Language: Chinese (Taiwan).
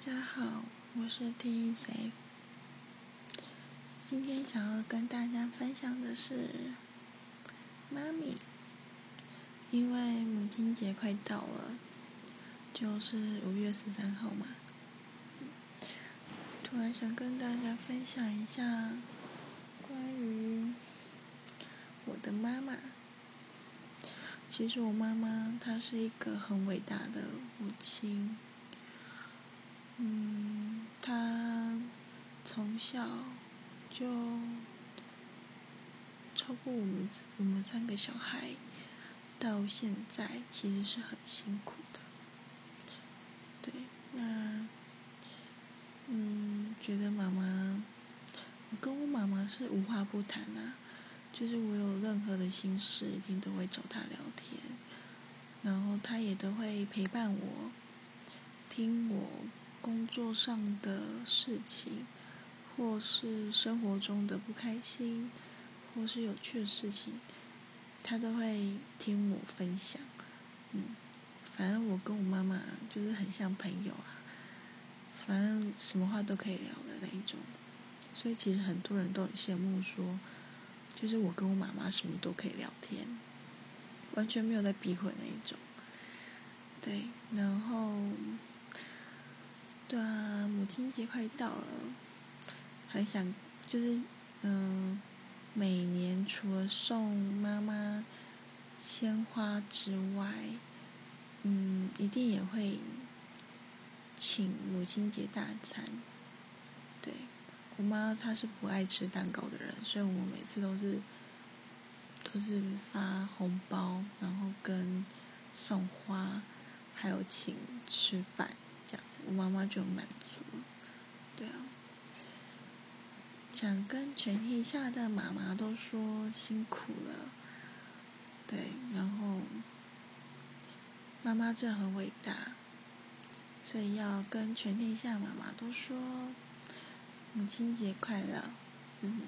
大家好，我是 t s i。今天想要跟大家分享的是，媽咪，因為母親節快到了，就是五月十三號嘛，突然想跟大家分享一下關於我的媽媽。其實我媽媽她是一個很偉大的母親。從小就照顧我們，我們三個小孩到現在，其實是很辛苦的。對，那嗯，覺得媽媽，我跟我媽媽是無話不談啊，就是我有任何的心事，一定都會找她聊天，然後她也都會陪伴我，聽我工作上的事情。或是生活中的不開心，或是有趣的事情，他都會聽我分享。嗯，反正我跟我媽媽就是很像朋友啊，反正什麼話都可以聊的那一種。所以其實很多人都很羨慕說，說就是我跟我媽媽什麼都可以聊天，完全沒有在逼婚那一種。對，然後對啊，母親節快到了。很想就是嗯、呃，每年除了送媽媽鮮花之外，嗯，一定也會請母親節大餐。對，我媽她是不愛吃蛋糕的人，所以我每次都是都是發紅包，然後跟送花，還有請吃飯這樣子，我媽媽就有滿足，對啊。想跟全天下的媽媽都說辛苦了，對，然後媽媽這很偉大，所以要跟全天下的媽媽都說母親節快樂，嗯。